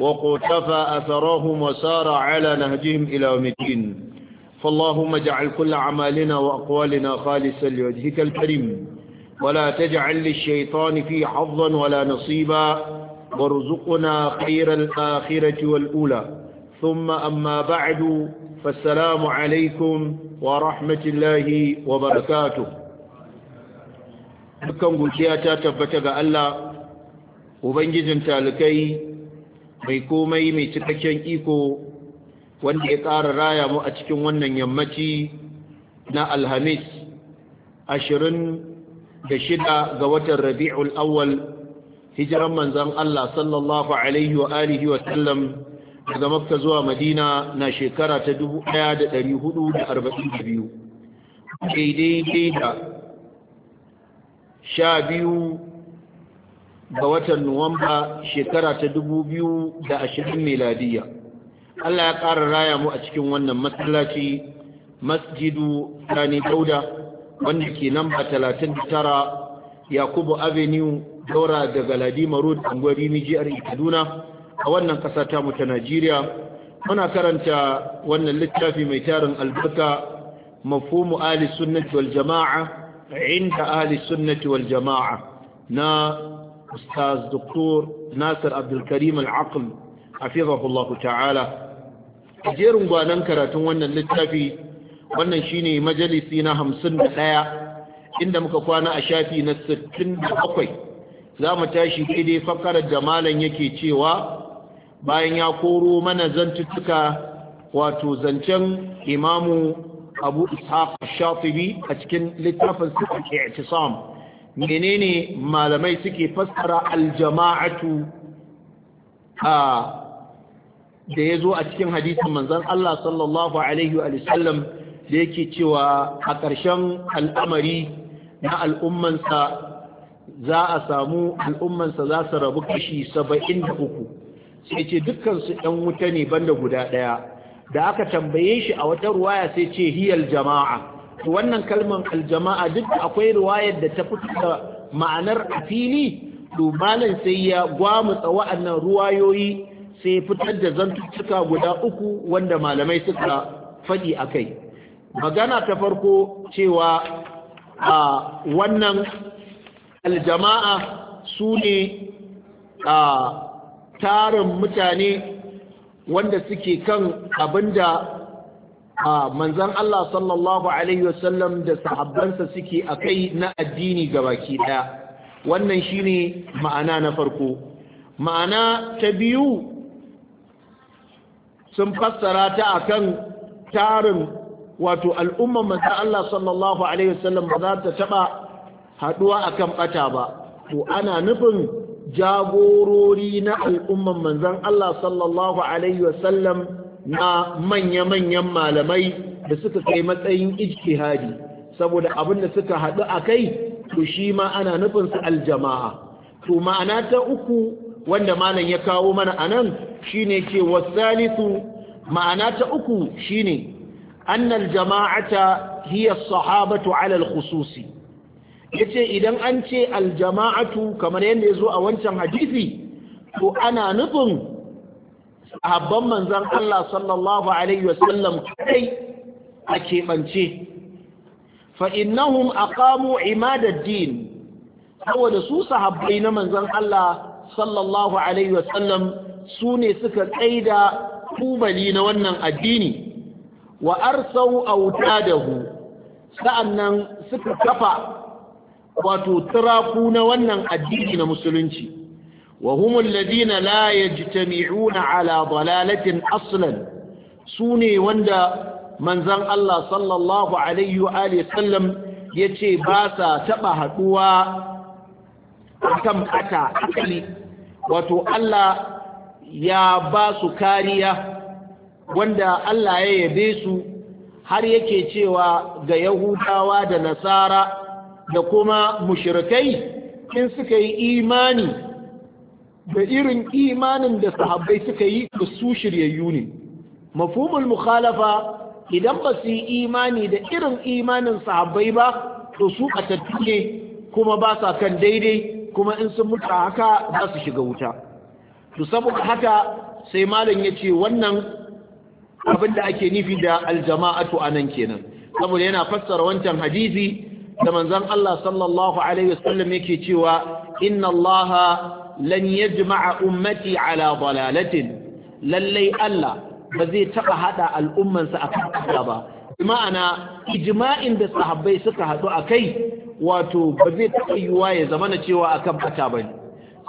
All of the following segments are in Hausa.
وقتفى أثرهم وسار على نهجهم إلى يوم الدين فاللهم اجعل كل أعمالنا وأقوالنا خالصا لوجهك الكريم ولا تجعل للشيطان في حظا ولا نصيبا وارزقنا خير الآخرة والأولى ثم أما بعد فالسلام عليكم ورحمة الله وبركاته dukkan guciya ta tabbata ga Allah ubangijin talikai mai komai mai cikakken iko wanda ya ƙara raya mu a cikin wannan yammaci na alhamis ashirin da shida ga watan rabi'ul awwal hijiran manzan Allah sallallahu alaihi wa alihi wa sallam daga makka zuwa madina na shekara ta 1442 daidai da sha biyu ga watan Nuwamba shekara ta dubu biyu da ashirin meladiya. Allah ya ƙara raya mu a cikin wannan masallaci masjidu Sani Dauda wanda ke namba talatin da tara Yakubu Avenue Daura daga Ladima Road Angwari Mijiyar Kaduna a wannan ƙasa ta mu ta Najeriya. Muna karanta wannan littafi mai tarin albarka mafhumu ahli sunnati wal jama'a inda ahli sunnati wal jama'a na أستاذ دكتور ناصر عبد الكريم العقل حفظه الله تعالى jerin gwanan karatun wannan littafi wannan shine majalisi na hamsin da ɗaya inda muka kwana a shafi na sittin da bakwai zamu mu tashi daidai fakarar da malam yake cewa bayan ya koro mana zantuttuka wato zancen imamu abu ishaq a cikin littafin sa al-i'tisam menene malamai suke fassara aljama'atu a da ya zo a cikin hadisin manzan Allah sallallahu Alaihi wasallam da yake cewa a ƙarshen al'amari na al'ummansa za a samu al'ummansa za su rabu kashi saba'in da uku sai ce dukkansu ɗan wuta ne banda guda ɗaya da aka tambaye shi a wata ruwaya sai ce hiyar jama'a wannan kalman aljama'a duk akwai riwayar da ta fito da ma'anar a fili to malam sai ya gwamutsa wa'annan ruwayoyi sai fitar da zantuttuka guda uku wanda malamai suka faɗi a kai magana ta farko cewa a wannan aljama'a su ne a tarin mutane wanda suke kan abinda a manzan Allah sallallahu alaihi wasallam da sahabbansa suke a kai na addini gabaki daya wannan shine ma'ana na farko ma'ana ta biyu sun fassara ta akan tarin wato al'ummar manzan Allah sallallahu alaihi wasallam ba za ta taba haduwa akan bata ba to ana nufin jagorori na al'ummar manzan Allah sallallahu alaihi wasallam na manya-manyan malamai da suka kai matsayin ijtihadi saboda abin da suka haɗu a kai to shi ma ana nufinsu aljama'a to ma'ana ta uku wanda malam ya kawo mana a nan shi ne ce wasalisu ma'ana ta uku shi ne annal jama'ata hiya sahabatu alal khususi ya ce idan an ce aljama'atu kamar yadda ya zo a wancan hadisi to ana nufin sahabban manzan Allah sallallahu alaihi wasallam kai a keɓance a kamo imadaddin saboda su sahabbai na manzan Allah sallallahu alaihi wasallam su ne suka tsaida tubali na wannan addini wa arsau autadahu sa'annan suka kafa wato turaku na wannan addini na musulunci وهم الذين لا يجتمعون على ضلالة أصلا سوني وندا منزان الله صلى الله عليه وآله وسلم يتي باسا تبه قوى أكم أتا أكلي وتو الله يا باسو كارية وندا الله يبيسو har yake cewa ga Yahudawa da Nasara da kuma mushrikai in suka yi imani da irin imanin da sahabbai suka yi da su shiryayyu ne mafhumul mukhalafa idan ba su yi imani da irin imanin sahabbai ba to su batattu ne kuma ba sa kan daidai kuma in sun mutu haka za su shiga wuta to saboda haka sai malam ya ce wannan abin da ake nufi da aljama'atu a nan kenan saboda yana fassara wancan hadisi da manzon Allah sallallahu alaihi wasallam yake cewa inna Allaha lan yajma'a ummati ala dalalatin lallai Allah ba zai taba hada al'ummansa akan Allah ba ma'ana ijma'in da sahabbai suka hadu akai wato ba zai taba yiwa ya zamana cewa akan ba bane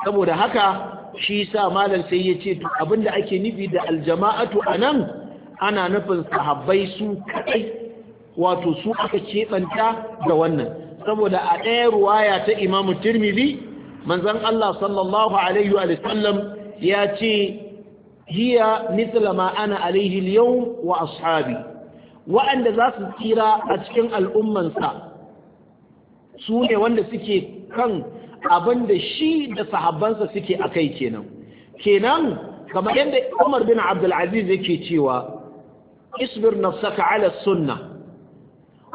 saboda haka shi sa malam sai ya ce to abinda ake nufi da aljama'atu anan ana nufin sahabbai su kadai wato su aka keɓanta da wannan saboda a ɗaya ruwaya ta imamu tirmidhi manzon Allah sallallahu alaihi wa ya ce hiya mithla ma ana alaihi yau wa ashabi wa'anda za su tsira a cikin al'ummansa su ne wanda suke kan abinda shi da sahabbansa suke a kai kenan kenan kamar yadda Umar bin abdulaziz yake cewa isbir nafsaka ala sunna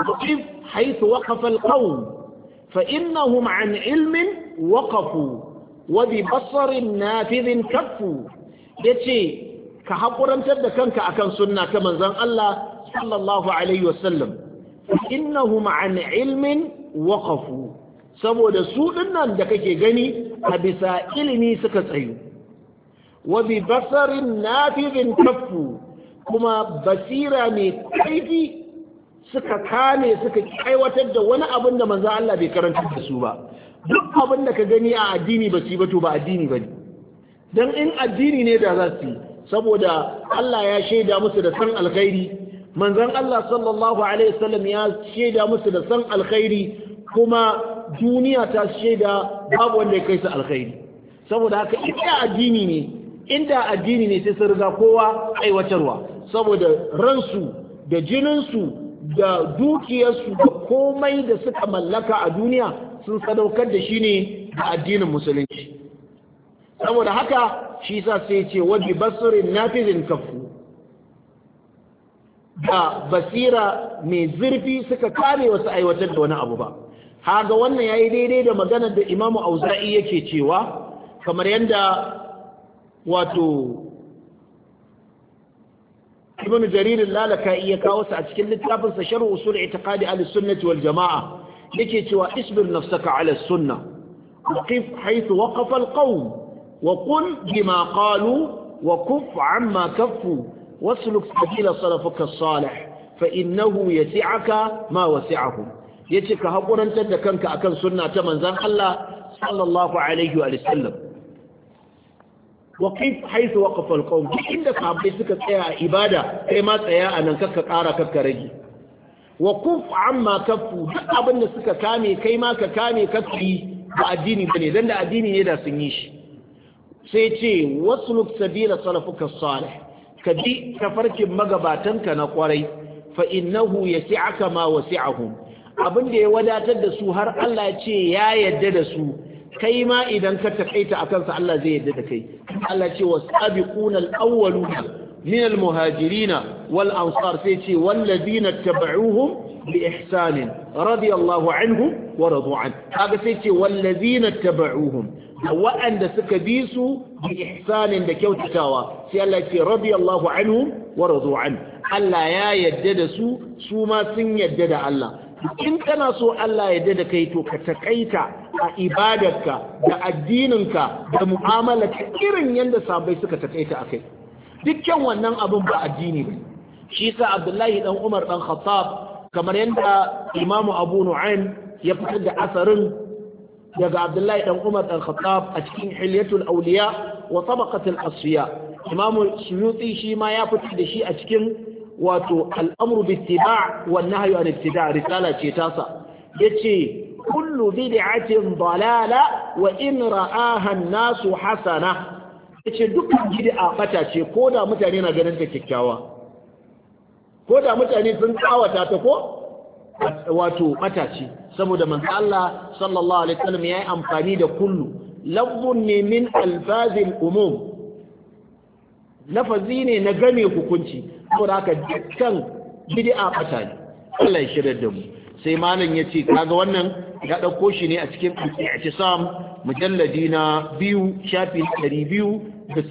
وقف حيث وقف القوم فإنهم an ilmin. waqafu wa bi basarin nafidhin kaffu yace ka haƙurantar da kanka akan sunna ta manzon Allah sallallahu alaihi wasallam innahum an ilmin waƙafu saboda su dinnan da kake gani a bisa ilimi suka tsayu wa bi basarin nafidhin kaffu kuma basira mai kaifi suka kame suka aiwatar da wani abin da manzon Allah bai karanta da su ba duk abin da ka gani a addini ba su yi ba to ba addini ba ne don in addini ne da za su yi saboda Allah ya shaida musu da san alkhairi manzan Allah sallallahu alaihi wasallam ya shaida musu da san alkhairi kuma duniya ta shaida babu wanda ya kai su alkhairi saboda haka inda addini ne inda addini ne sai sun riga kowa aiwatarwa saboda ransu da jininsu da dukiyarsu da komai da suka mallaka a duniya sun sadaukar da shi ne a addinin musulunci saboda haka shi sa sai ce waje basirin nafizin kafu da basira mai zurfi suka kare wasu aiwatar da wani abu ba haga wannan ya yi daidai da maganar da imamu auza'i yake cewa kamar yadda wato ibn jaririn lalaka iya kawo su a cikin littafinsa sharu usul itiqadi al-sunnati wal jama'a yake cewa isbir nafsaka ala sunna waqif haythu waqafa alqawm wa qul bima qalu wa kuf amma kaffu wasluk sabila salafaka salih fa innahu yasi'aka ma wasi'ahum yace ka hakurantar da kanka akan sunna ta manzon Allah sallallahu alaihi wa sallam waqif haythu waqafa alqawm inda sahabbai suka tsaya ibada kai ma tsaya anan kakka kara kakka rage wa kuf amma kafu duk abin da suka kame kai ma ka kame kafi ba addini bane dan da addini ne da sun yi shi sai ce wasu sabila salafuka salih ka bi tafarkin magabatanka na kwarai fa innahu aka ma wasi'ahum abin da ya wadatar da su har Allah ya ce ya yadda da su kai ma idan ka taƙaita a kansa Allah zai yadda da kai Allah ce wasabiqunal awwaluna minal muhajirina wal ansar sai ce wallazina tabauhum bi ihsan radiyallahu anhum wa radu an kaga sai ce wallazina tabauhum wa'anda suka bi su bi ihsan da kyautatawa sai Allah ce radiyallahu anhum wa radu Allah ya yarda da su suma sun yarda da Allah in kana so Allah yarda da kai to ka takaita a ibadarka da addininka da mu'amalarka irin yadda sabai suka takaita a kai dukkan wannan abin ba addini ba shi sa abdullahi dan umar dan khattab kamar yadda imamu abu nu'aym ya fitar da asarin daga abdullahi dan umar dan khattab a cikin hilyatul awliya wa tabaqatul asfiya imamu suyuti shi ma ya fitar da shi a cikin wato al'amru bittiba ittiba' wa nahyu an ibtida' risala ce tasa yace kullu bid'atin dalala wa in ra'aha an-nasu hasana ya ce dukkan a fata ce ko da mutane na ganin ta kyakkyawa ko da mutane sun kawata ta ko wato fata ce saboda manzo Allah sallallahu alaihi wasallam yayi amfani da kullu lafzun ne min alfazil umum lafazi ne na game hukunci saboda haka dukkan a fata ne Allah ya shirya da mu sai malam yace kaga wannan ya dauko shi ne a cikin al-i'tisam mujalladi na biyu shafi ɗari biyu da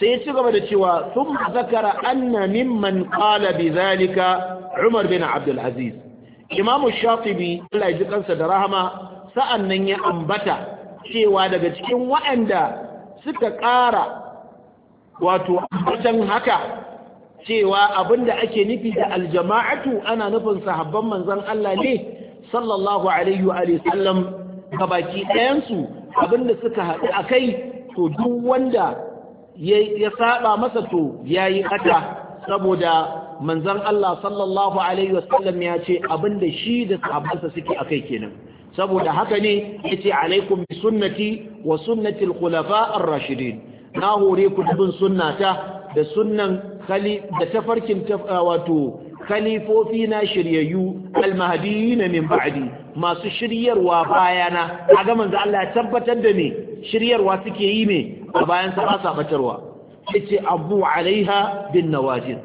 sai ci gaba da cewa sun zakara anna mimman qala bi zalika umar bin abdul aziz imam shafibi Allah ya ji kansa da rahama sa'an nan ya ambata cewa daga cikin waɗanda suka ƙara wato ambatan haka cewa abinda ake nufi da aljama'atu ana nufin sahabban manzon Allah ne sallallahu alaihi wa sallam gabaki ɗayansu abinda suka haɗu a kai to duk wanda ya saba masa to yayi haka saboda manzon Allah sallallahu alaihi wasallam ya ce abinda shi da sahabbansa suke kai kenan saboda haka ne yace alaikum bi sunnati wa sunnati al-khulafa ar-rashidin na hore ku bin sunnata da sunnan khali da tafarkin wato khalifofi na shiryayyu al-mahdiyyin min ba'di masu shiryarwa bayana kaga manzo Allah ya tabbatar da ni shiryarwa suke yi ne a bayan sa sa batarwa yace abu alaiha bin nawajid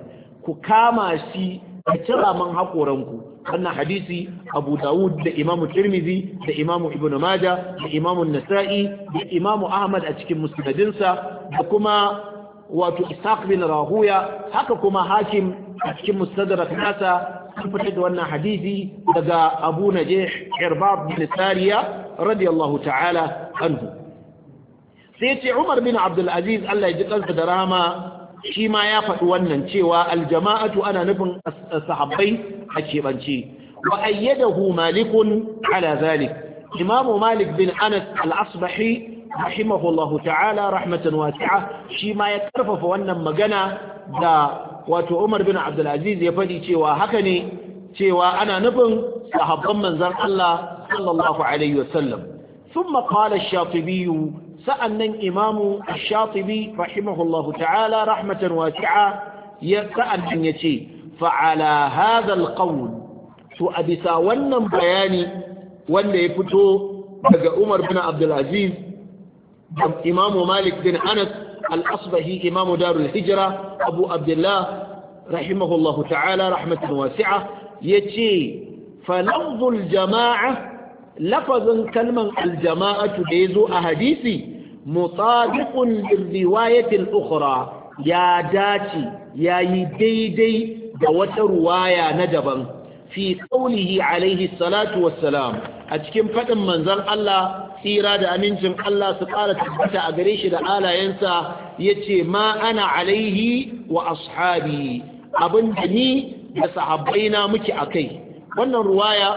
ku kama shi a cira man hakoranku wannan hadisi abu dawud da imamu tirmizi da imamu ibnu maja da imamu nasa'i da imamu ahmad a cikin musnadinsa da kuma wato ishaq bin rahuya haka kuma hakim a cikin mustadrak nasa sun fitar da wannan hadisi daga abu najih irbab bin sariya radiyallahu ta'ala anhu sai ce Umar bin Abdul Aziz Allah ya ji kansa da rama shi ma ya faɗi wannan cewa aljama'atu ana nufin sahabbai a keɓance wa ayyadahu malikun ala zalik imam malik bin anas al-asbahi rahimahullahu ta'ala rahmatan wasi'a shi ma ya karfafa wannan magana da wato Umar bin Abdul ya faɗi cewa haka ne cewa ana nufin sahabban manzon Allah sallallahu alaihi wasallam ثم قال الشاطبي sa'annan imamu shatibi rahimahullahu ta'ala rahmatan wasi'a ya sa'annan ya ce fa'ala hazal qawl to a bisa wannan bayani wanda ya fito daga Umar bin Abdul Aziz imamu Malik bin Anas al-Asbahi imamu Darul hijira Abu Abdullah rahimahullahu ta'ala rahmatan wasi'a yace fa lafzul jama'a lafazin kalman aljama'atu da ya zo a hadisi mutabiqun riwayatin ukhra ya dace yayi daidai da wata ruwaya na daban fi qawlihi alaihi salatu wassalam a cikin faɗin manzon Allah tsira da amincin Allah su ƙara tabbata a gare shi da alayensa ce ma ana alaihi wa ashabi da ni da sahabbaina muke kai. wannan ruwaya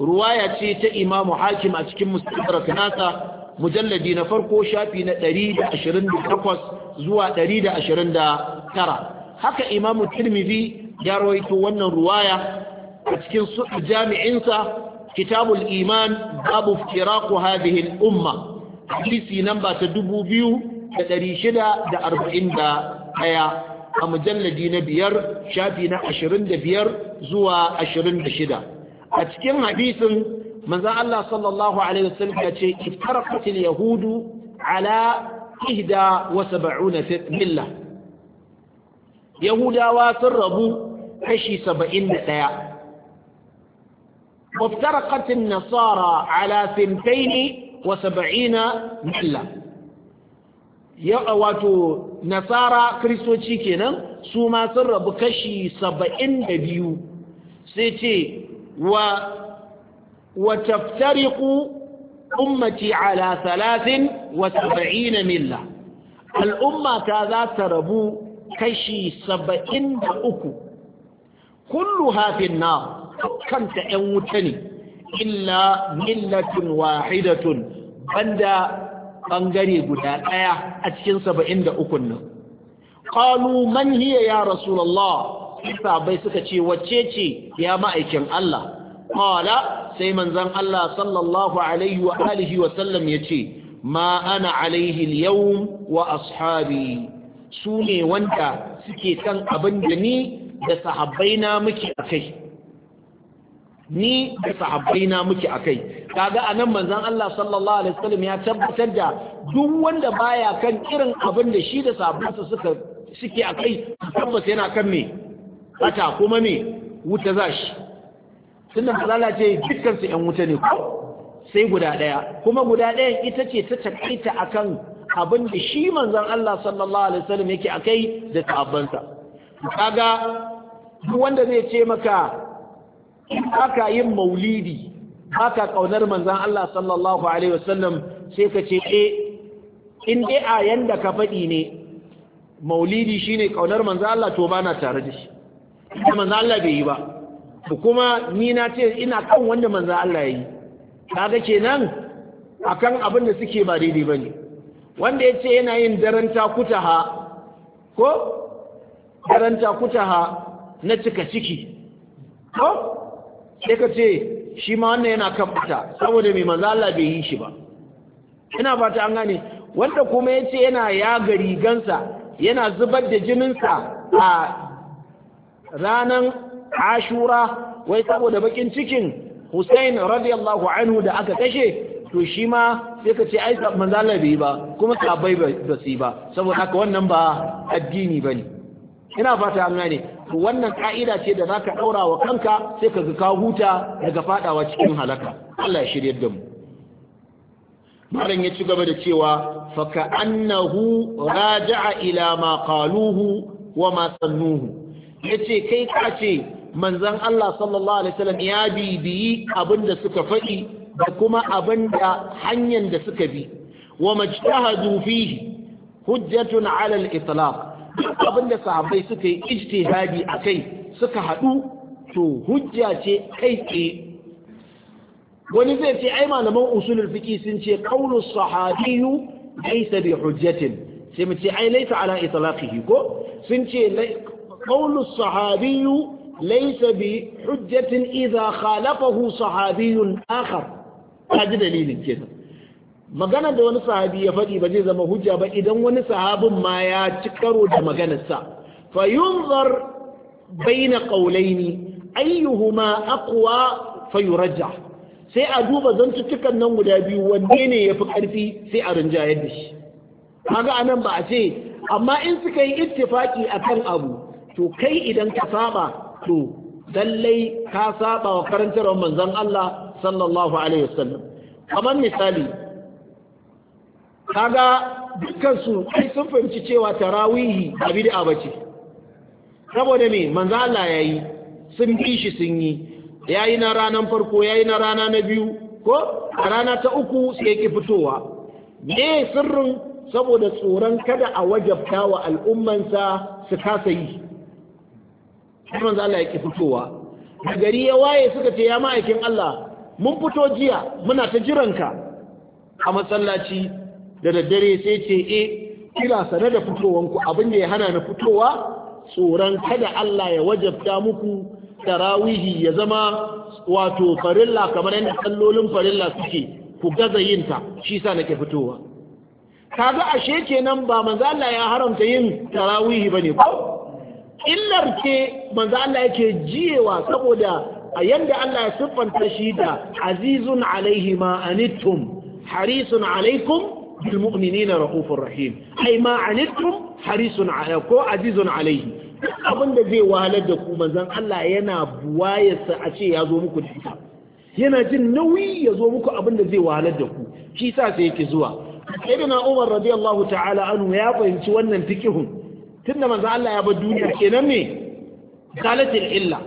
ruwaya ce ta imamu hakim a cikin mustadrak nasa mujalladi na farko shafi na 128 zuwa 129 haka imamu tirmidhi ya rawaito wannan ruwaya a cikin jami'insa kitabul iman babu firaqu hadhihi al-umma hadisi namba ta 2641 a mujalladi na biyar shafi na 25 zuwa 26 a cikin hadisin manzon Allah sallallahu alaihi wasallam ya ce iftaraqatil yahudu ala ihda wasa sab'una milla yahudawa sun rabu kashi saba'in da ɗaya. Nasara ala النصارى wasa ثنتين Milla. ملة wato nasara kiristoci kenan su ma sun rabu kashi saba'in da biyu sai ce wa wataftariqu ummati ala 73 milla al umma ta za ta rabu kashi 73 kulluha fi an-nar kanta 'yan wuta ne illa millatun wahidatun banda ɓangare guda ɗaya a cikin 73 nan Ƙaluman hiya ya rasulullah sahabbai suka ce wacce ce ya ma'aikin Allah qala sai manzan Allah sallallahu alaihi wa alihi wa sallam yace ma ana alaihi al-yawm wa ashabi su ne wanda suke kan abin da ni da sahabbaina muke akai ni da sahabbaina muke akai kaga anan manzon Allah sallallahu alaihi wasallam ya tabbatar da duk wanda baya kan irin abin da shi da sahabbansa suka suke akai tabbas yana kan me bata kuma me wuta za shi tunda mazala ce dukkansu ‘yan wuta ne ko sai guda ɗaya kuma guda ɗayan ita ce ta takaita akan abin da shi manzon Allah sallallahu alaihi wasallam yake akai da ta'abbansa kaga duk wanda zai ce maka aka yin maulidi haka kaunar manzon Allah sallallahu alaihi wasallam sai ka ce eh in dai a yanda ka faɗi ne maulidi shine kaunar manzon Allah to bana tare da shi da manzo Allah bai yi ba to kuma ni na ce ina kan wanda manzo Allah ya yi kaga kenan akan abin da suke ba daidai bane wanda ya ce yana yin daren ha ko daren ha na cika ciki ko sai ka ce shi ma wannan yana kan fita saboda mai manzo Allah bai yi shi ba ina fata an gane wanda kuma ya ce yana yaga rigansa yana zubar da jininsa a ranan ashura wai saboda bakin cikin Hussein radiyallahu anhu da aka kashe to shi ma sai ka ce ai manzala bai ba kuma sabai ba su ba saboda haka wannan ba addini ba ne ina fata an gane wannan ka'ida ce da zaka daura wa kanka sai ka ga ka huta daga fadawa cikin halaka Allah ya shirye da mu malam ya ci gaba da cewa fa annahu raja'a ila ma qaluhu wa ma sannuhu ya ce kai ka ce manzan Allah sallallahu alaihi wasallam ya bibiyi abin da suka faɗi da kuma abin da hanyar da suka bi wa majtahadu fihi hujjatun ala al-itlaq abin da sahabbai suka yi ijtihadi akai suka haɗu to hujja ce kai tsaye wani zai ce ai malaman usulul fiqi sun ce qawlu sahabiyyu laysa bi hujjatin sai mu ce ai laysa ala itlaqihi ko sun ce قول الصحابي ليس بحجة إذا خالفه صحابي آخر ji dalilin كده Maganar da wani sahabi ya faɗi ba zai zama hujja ba idan wani sahabin ma ya ci da maganarsa fa yunzar baina ne. Ayyuhu ma fa Fayuraja. sai a duba zantuttukan nan guda biyu wanne ne yafi ƙarfi sai a rinjayar da shi kaga anan ba a ce amma in suka yi ittifaki akan abu to kai idan ka saba to lallai ka saba wa karantarwar manzon Allah sallallahu alaihi wasallam kamar misali kaga dukkan su sun fahimci cewa tarawihi ba bid'a bace saboda me manzo Allah yayi sun bi shi sun yi yayi na ranan farko yayi na rana na biyu ko a rana ta uku sai ki fitowa me sirrin saboda tsoron kada a wajabta wa al'ummansa su kasa yi Kuma za Allah ya fitowa da gari ya waye suka ce ya ma'aikin Allah mun fito jiya muna ta jiranka a masallaci da daddare sai ce e eh, kira sane da fitowanku abin da ya hana na fitowa tsoron kada Allah ya wajabta muku tarawihi ya zama wato farilla kamar yadda kallolin farilla suke ku gaza yin ta shi sa nake fitowa kaga ashe kenan ba manzo Allah ya haramta yin tarawihi bane ko illar ce manzo Allah yake jiyewa saboda a yanda Allah ya siffanta shi da azizun alaihi ma anittum harisun alaikum bil mu'minina rahim ai ma anittum harisun ko azizun alaihi abin da zai wahalar da ku manzon Allah yana buwayarsa a ce ya zo muku da ita yana jin nauyi ya zo muku abin da zai wahalar da ku shi sa sai yake zuwa sayyidina Umar radiyallahu ta'ala anhu ya fahimci wannan fikihun tunda manzo Allah ya bar duniya kenan me kalatil illa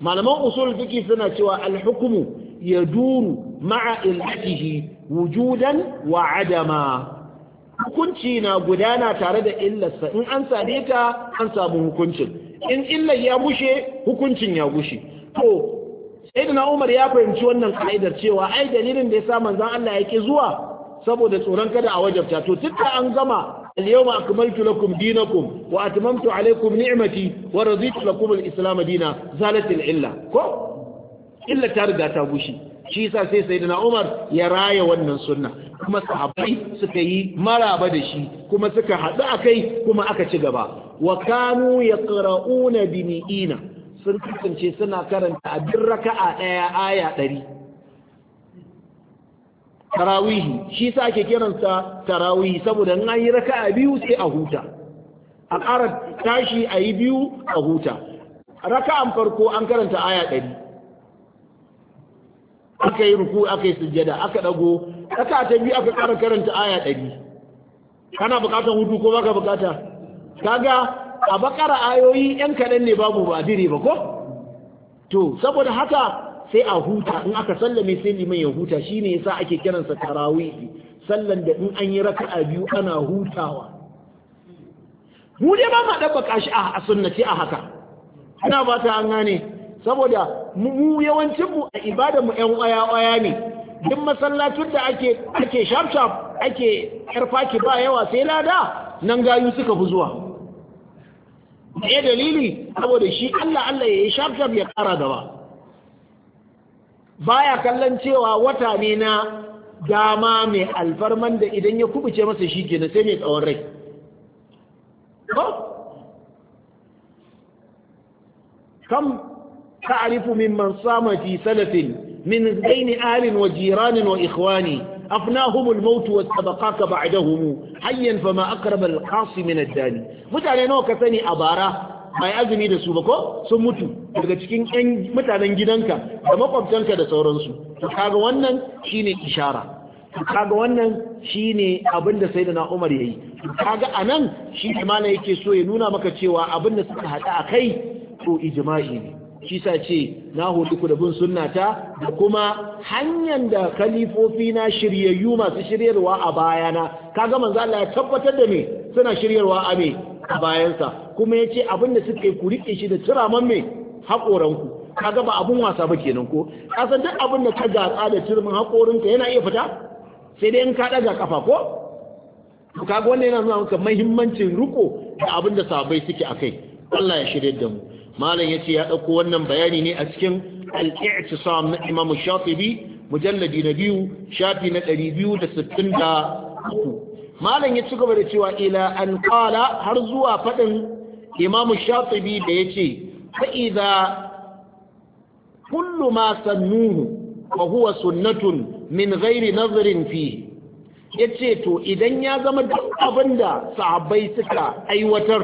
malaman usul fiqh suna cewa al-hukmu yaduru ma'a illatihi wujudan wa adama hukunci na gudana tare da illarsa in an same ta an samu hukuncin in illar ya gushe hukuncin ya gushe to sayyidina Umar ya fahimci wannan ka'idar cewa ai dalilin da yasa manzon Allah yake zuwa saboda tsoron kada a wajabta to tunda an gama اليوم أكملت لكم دينكم وأتممت عليكم نعمتي ورضيت لكم الإسلام دينا زالت العلة كو إلا تارغا تابوشي shi yasa sai sayyidina Umar ya raya wannan sunna kuma sahabbai suka yi maraba da shi kuma suka haɗu kai kuma aka ci gaba wa ya yaqra'una Bini'ina sun kasance suna karanta abin raka'a ɗaya aya ɗari tarawihi shi sa ake kiransa tarawihi saboda in an yi raka'a biyu sai a huta a ƙara tashi a yi biyu a huta raka'an farko an karanta aya ɗari aka yi ruku aka yi sujjada aka ɗago raka'a ta biyu aka ƙara karanta aya ɗari kana buƙatar hutu ko baka buƙata kaga a bakara ayoyi 'yan kaɗan ne babu ba dire ba ko to saboda haka sai a huta in aka sallame sai liman ya huta shi ne yasa ake kiransa tarawihi sallan da in an yi raka'a biyu ana hutawa mu dai ba ma dabbaka shi a sunnati a haka Ana ba ta an gane saboda mu yawancin mu a ibada mu yan waya waya ne duk masallacin da ake ake sharp sharp ake yar faki ba yawa sai lada nan gayu suka fi zuwa dalili saboda shi Allah Allah ya yi sharp sharp ya kara gaba baya kallon cewa wata ne na dama mai alfarman da idan ya kubuce masa shi ke sai mai tsawon rai kam ta'rifu mimman sama fi salafin min zaini alin wa jiranin wa ikhwani afnahum al-maut wa sabaqaka ba'dahum hayyan fama aqrab al-qasi min ad-dani mutane nawa ka sani a bara Mai azumi da su ba ko sun mutu daga cikin ƴan mutanen gidanka da makwabtanka da sauransu to kaga wannan shine ishara to kaga wannan shine abin da sayyidina Umar yayi to kaga anan shi imana yake so ya nuna maka cewa abin da suka hada akai to ijma'i ne shi sa ce na hudu ku da bin sunnata da kuma hanyar da kalifofi na shiryayyu masu shiryarwa a bayana kaga manzo Allah ya tabbatar da me suna shiryarwa a me a bayansa kuma ya ce abinda suka yi ku riƙe shi da turaman mai haƙoranku Ka gaba abin wasa ba kenan ko kasan duk abin da ka gatsa da turmin haƙorinka yana iya fita sai dai in ka ɗaga kafa ko to kaga wannan yana nuna maka muhimmancin riko da abin da sabai suke a kai. Allah ya shirye da mu malam yace ya ɗauko wannan bayani ne a cikin al-i'tisam na Imam Shafi'i mujalladi na biyu shafi na 263 malam ya ci gaba da cewa ila an kala har zuwa faɗin imamu shatibi da yace fa idza kullu ma sannuhu wa huwa sunnatun min ghairi nazarin fihi yace to idan ya zama duk abinda sahabbai suka aiwatar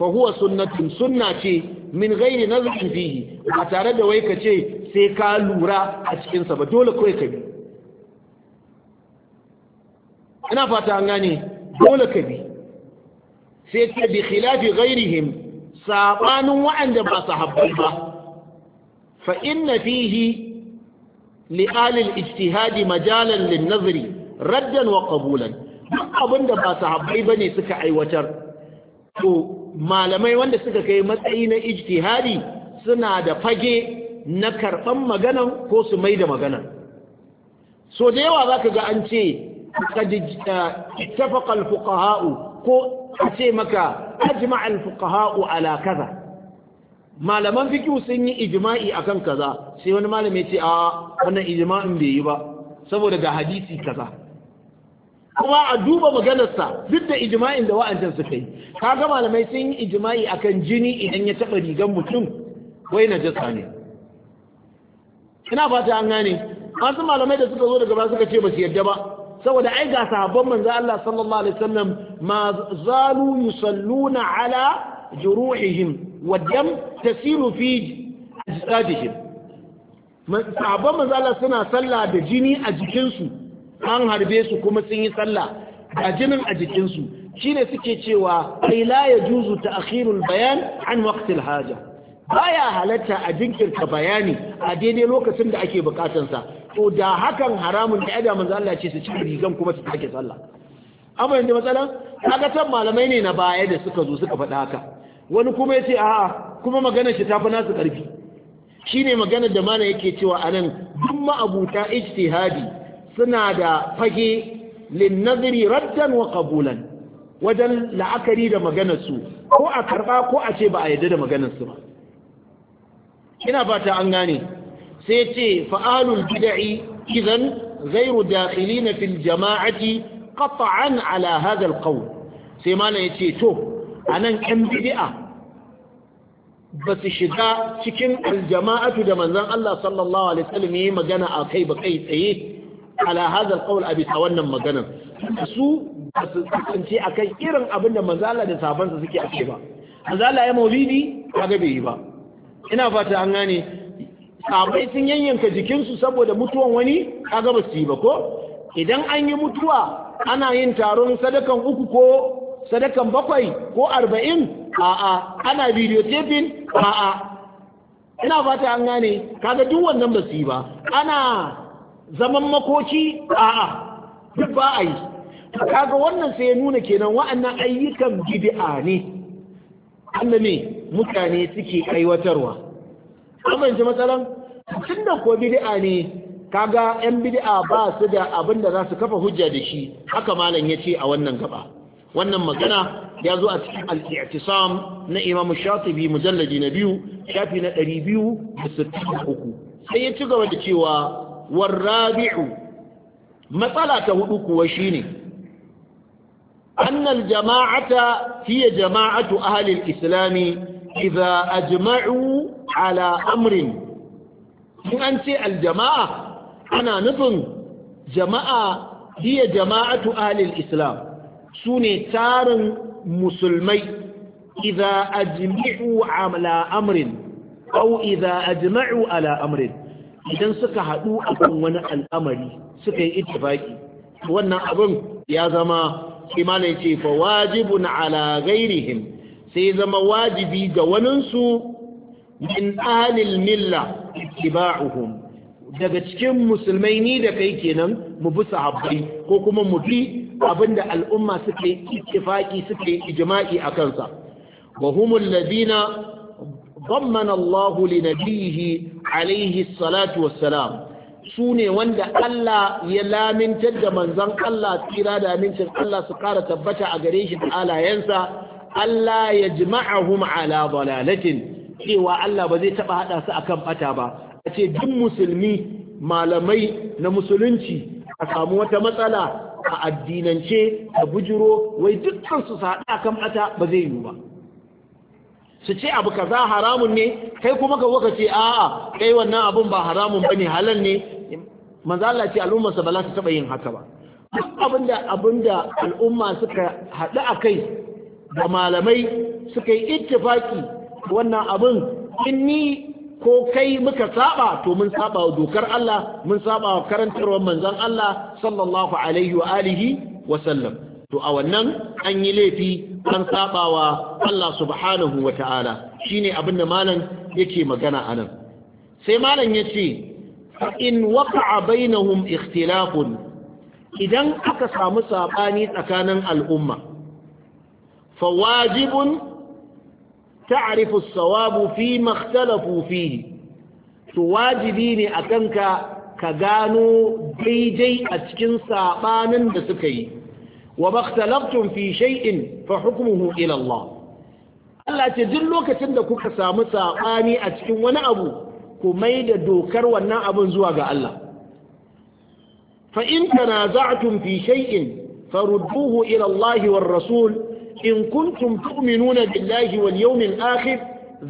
fa huwa sunnatun sunna ce min ghairi nazarin fihi ba tare da wai ka ce sai ka lura a cikin sa ba dole kai ka bi ina fata an gane dole ka bi sai ta bi khilafi ghairihim sabanin wa'anda ba sahabbai ba fa inna fihi li ahli ijtihad majalan lin-nazri raddan wa qabulan duk abinda ba sahabbai bane suka aiwatar to malamai wanda suka kai matsayi na ijtihadi suna da fage na karban maganan ko su maida maganan so da yawa zaka ga an ce قد اتفق الفقهاء ko a ce maka الفقهاء على كذا ala kaza malaman fiqh sun yi ijma'i akan kaza sai wani malami ya ce a wannan ijma'in bai yi ba saboda ga hadisi kaza kuma a duba maganarsa duk da ijma'in da wa'ancan suka yi kaga malamai sun yi ijma'i akan jini idan ya taba rigan mutum wai na jasa ne ina fata an gane masu malamai da suka zo daga ba suka ce ba su yadda ba saboda ai ga sahabban manzo Allah sallallahu alaihi wasallam ma zalu yusalluna ala juruhihim wa dam tasiru fi ajsadihim sahabban manzo Allah suna sallah da jini a jikinsu an harbe su kuma sun yi sallah a jinin a jikinsu shine suke cewa ai la yajuzu ta'khirul bayan an waqtil haja baya halatta a jinkirta bayani a daidai lokacin da ake bukatansa to da hakan haramun da ada manzo Allah ce su ci rigan kuma su take sallah amma inda matsalan kaga tan malamai ne na baya da suka zo suka faɗa haka wani kuma yace a kuma magana shi ta fi nasu karfi shine magana da mana yake cewa anan duk ma'abuta ijtihadi suna da fage lin nadri raddan wa qabulan wajen la'akari da maganar su ko a karba ko a ce ba a yadda da maganar su ba ina fata an gane sai ce fa'alul bid'i zairu ghairu na fil jama'ati qat'an ala hadha al sai malam ce to anan ɗan bida'a ba su shiga cikin aljama'atu da manzon Allah sallallahu alaihi wasallam yi magana a kai ba kai tsaye ala hadha al a abi wannan maganan su ba su kasance akan irin abin da da sabonsa suke ake ba manzon Allah ya maulidi kaga bai yi ba ina fata an gane sabai sun yanyanka jikinsu saboda mutuwan wani kaga gaba su yi ba ko idan an yi mutuwa ana yin taron sadakan uku ko sadakan bakwai ko arba'in a'a ana videotaping a'a ina fata an gane kaga duk wannan ba su yi ba ana zaman makoki a'a duk ba a yi kaga wannan sai ya nuna kenan wa'annan ayyukan gidi'a ne Allah ne mutane suke aiwatarwa amince matsalan tun da ko bid'a ne kaga yan bid'a ba su da abin da za su kafa hujja da shi haka malam ya ce a wannan gaba wannan magana ya zo a cikin al-i'tisam na Imam Shatibi mujalladi na biyu shafi na 263 sai ya ci gaba da cewa Rabi'u. matsala ta hudu kuwa shine أن الجماعة هي جماعة أهل الإسلام إذا أجمعوا على أمر أنت الجماعة أنا نفن جماعة هي جماعة أهل الإسلام سوني تار مسلمي إذا أجمعوا على أمر أو إذا أجمعوا على أمر idan suka haɗu a kan wani al'amari suka yi ittifaki wannan abin ya zama imana ya ce fa wajibun ala gairihim sai zama wajibi ga waninsu min ahlil milla ittiba'uhum daga cikin musulmai ni da kai kenan mu bi sahabbai ko kuma mu bi abinda al'umma suke ittifaki suke ijma'i a kansa wa humul ladina ضمن الله لنبيه عليه الصلاة والسلام su ne wanda Allah ya lamintar da manzon Allah tsira da amincin Allah su kara tabbata a gare shi da alayensa Allah ya jima'ahum ala dalalatin cewa Allah ba zai taba hada su akan bata ba a ce duk musulmi malamai na musulunci a samu wata matsala a addinance a bujuru, wai dukkan su haɗu a akan bata ba zai yiwu ba su ce abu kaza haramun ne kai kuma ka waka ce a'a kai wannan abun ba haramun bane halal ne manzo Allah ce al'umma ba za su taba yin haka ba duk abinda abinda al'umma suka haɗu a kai da malamai suka yi ittifaki wannan abin in ni ko kai muka saba to mun saba wa dokar Allah mun saba wa karantarwar manzon Allah sallallahu alaihi wa alihi wa sallam to a wannan an yi laifi an sabawa Allah subhanahu wa shine abin da malam yake magana anan sai malam yace in waqa'a bainahum ikhtilafun idan aka samu sabani tsakanin al'umma fa wajibun ta'rifu as-sawabu fi ma ikhtalafu fihi to wajibi ne akanka ka gano daidai a cikin sabanin da suka yi wa makhtalaftum fi shay'in fa hukmuhu ila Allah ce duk lokacin da kuka samu saɓani a cikin wani abu ku mai da dokar wannan abun zuwa ga Allah fa in tanaza'tum fi shay'in farudduhu ila Allah rasul in kuntum tu'minuna billahi wal yawmil akhir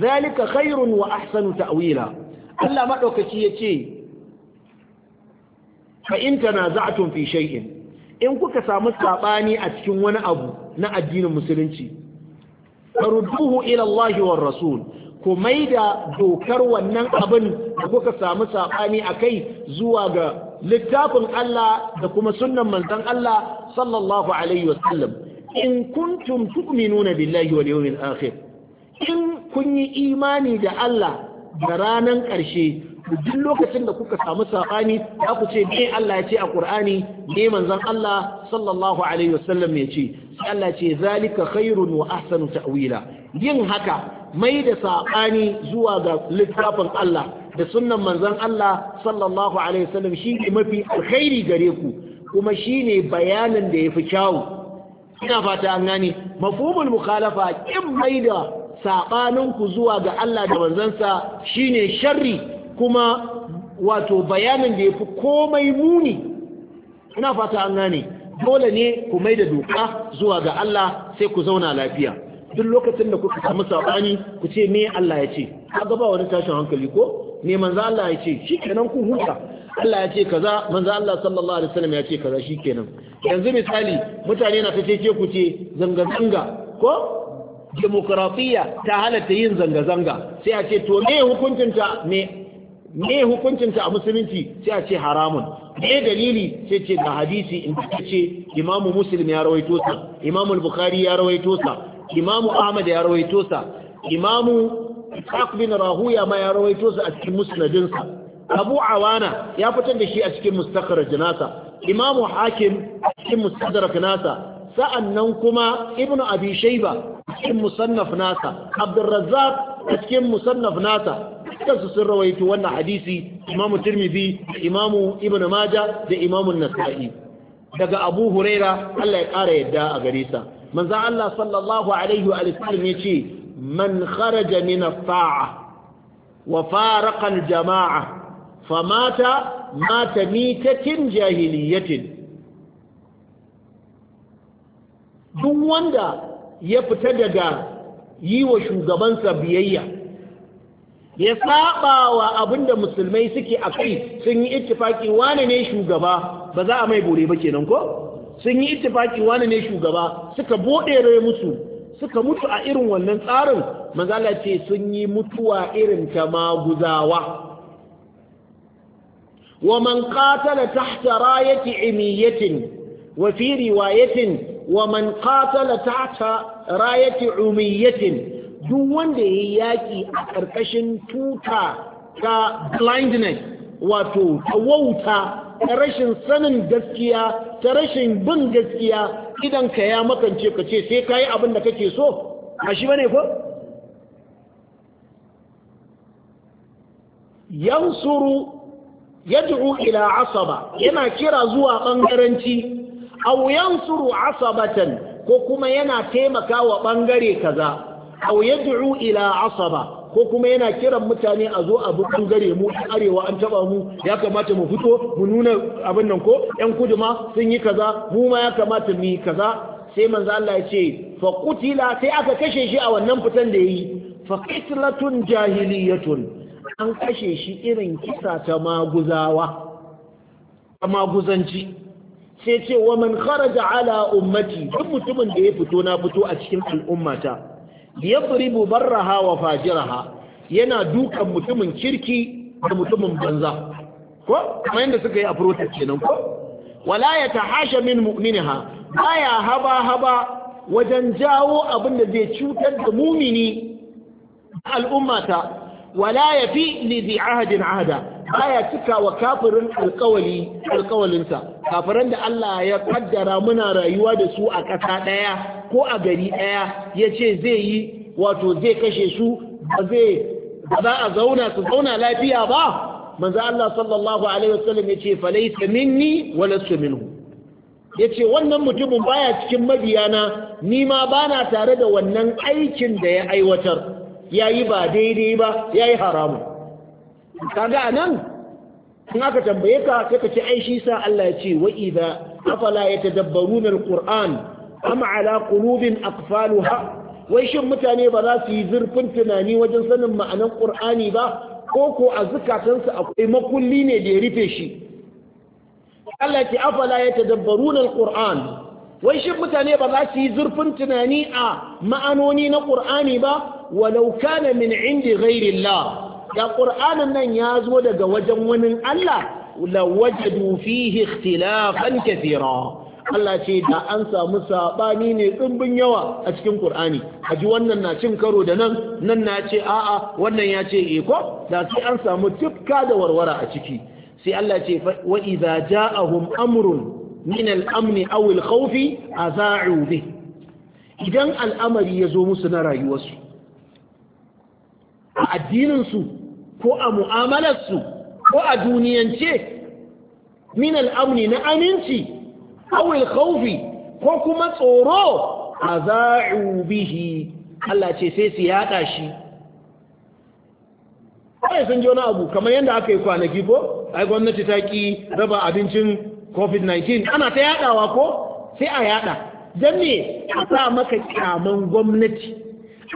zalika khairun wa ahsanu ta'awila. Allah madaukaki yace fa in tanaza'tum fi shay'in in kuka samu sabani a cikin wani abu na addinin musulunci farudduhu ila Allah rasul ku maida dokar wannan abin da kuka samu sabani akai zuwa ga littafin Allah da kuma sunnan manzon Allah sallallahu alaihi wasallam in kuntum tu'minuna billahi wal yawmil akhir in kun yi imani da Allah da ranan ƙarshe duk lokacin da kuka samu sabani za ku ce me Allah ya ce a Qur'ani ne manzon Allah sallallahu alaihi wasallam ya ce sai Allah ya ce zalika khairun wa ahsanu ta'wila yin haka mai da sabani zuwa ga littafin Allah da sunnan manzon Allah sallallahu alaihi wasallam shi ne mafi alkhairi gare ku kuma shi ne bayanin da ya fi kyawu ina fata an gane mafhumul mukhalafa kin mai da sabaninku zuwa ga Allah da manzansa shine sharri kuma wato bayanin da ya fi komai muni ina fata an gane dole ne ku mai da doka zuwa ga Allah sai ku zauna lafiya duk lokacin da kuka samu sabani ku ce me Allah ya ce Ka gaba wani tashin hankali ko me manzo Allah ya ce shikenan ku huta Allah ya ce kaza manzo Allah sallallahu alaihi wasallam ya ce kaza shikenan yanzu misali mutane na ta ce ku ce zanga zanga ko demokrafiya ta halatta yin zanga-zanga sai a ce to me hukuncinta me me hukuncinta a musulunci sai a ce haramun me dalili sai ce da hadisi in ce imamu muslim ya rawaito sa imamu bukhari ya rawaito sa imamu ahmad ya rawaito sa imamu ishaq bin rahuya ma ya rawaito sa a cikin musnadin sa abu awana ya fitar da shi a cikin mustakhraj nasa imamu hakim cikin mustadrak nasa sa'annan kuma ibn abi shayba cikin musannaf nasa abdurrazzaq cikin musannaf nasa kansu sun rawaito wannan hadisi imamu tirmidhi imamu ibnu maja da Imamun nasa'i daga abu huraira Allah ya ƙara yadda a gare sa manzo Allah sallallahu alaihi wa ya yace man kharaja min at wa faraqa jamaa famata mata mitatin jahiliyatin duk wanda ya fita daga yi wa shugabansa biyayya ya saba wa abinda musulmai suke a kai sun yi ittifaki wane ne shugaba ba za a mai bore ba kenan ko sun yi ittifaki wane ne shugaba suka bodere musu suka mutu a irin wannan tsarin mazala ce sun yi mutuwa irin ta maguzawa wa man qatala tahta rayati imiyatin wa fi riwayatin wa man qatala tahta rayati umiyatin duk wanda ya yi yaƙi a ƙarƙashin tuta ta blindness wato ta wauta ta rashin sanin gaskiya ta rashin bin gaskiya idan ka ya makance ka ce sai ka yi abin da kake so a shi bane ko yansuru ji'u ila asaba yana kira zuwa a wuyan suru asabatan ko kuma yana taimaka wa ɓangare kaza aw yad'u ila asaba ko kuma yana kiran mutane a zo a gare mu arewa an taba mu ya kamata mu fito mu nuna abin nan ko yan kudu ma sun yi kaza mu ma ya kamata mu yi kaza sai manzo Allah ya ce fa qutila sai aka kashe shi a wannan fitan da yayi fa qitlatun jahiliyatun an kashe shi irin kisa ta maguzawa ta maguzanci sai ce wa man kharaja ala ummati duk mutumin da ya fito na fito a cikin al'ummata yadribu barraha wa fajiraha yana dukan mutumin kirki da mutumin banza ko kamar yadda suka yi a protest kenan ko wala ya tahasha min mu'minha baya haba haba wajen jawo abin da zai cutar da mumini al'ummata wala ya fi li ahadin ahada baya cika wa kafirin alkawali alkawalinsa kafiran da Allah ya kaddara muna rayuwa da su a ƙasa ɗaya ko a gari ɗaya ya ce zai yi wato zai kashe su ba zai ba za a zauna su zauna lafiya ba manzo Allah sallallahu alaihi wasallam ya ce falaita minni wa lasu minhu ya ce wannan mutumin baya cikin mabiyana ni ma bana tare da wannan aikin da ya aiwatar yayi ba daidai ba yayi haramun kaga anan in aka tambaye ka sai ka ce ai shi sa Allah ya ce wa idza afala yatadabbaruna alquran am ala qulubin aqfalha wai shin mutane ba za su yi zurfin tunani wajen sanin ma'anan qur'ani ba ko ko a zukatansu akwai makulli ne da ya rufe shi Allah ce afala yatadabbaruna alquran wai shin mutane ba za su yi zurfin tunani a ma'anoni na qur'ani ba walau kana min indi ghairillah da ƙur'anin nan ya zo daga wajen wani Allah lawajadu fihi ikhtilafan kathira Allah ce da an samu sabani ne dimbin yawa a cikin Qur'ani aji wannan na cin karo da nan nan na ce a'a wannan ya ce eh ko da sai an samu tifka da warwara a ciki sai Allah ce wa idza ja'ahum amrun min al-amn aw al-khawf aza'u bi idan al'amari ya zo musu na rayuwarsu a addinin su ko a mu'amalarsu ko a duniyance min amni na aminci awil khawfi ko kuma tsoro a za'u bihi Allah ce sai su yaɗa shi kawai sun ji wani abu kamar yadda aka yi kwanaki ko ai gwamnati ta ki raba abincin covid-19 ana ta yaɗawa ko sai a yaɗa. Dan ne a sa maka kyaman gwamnati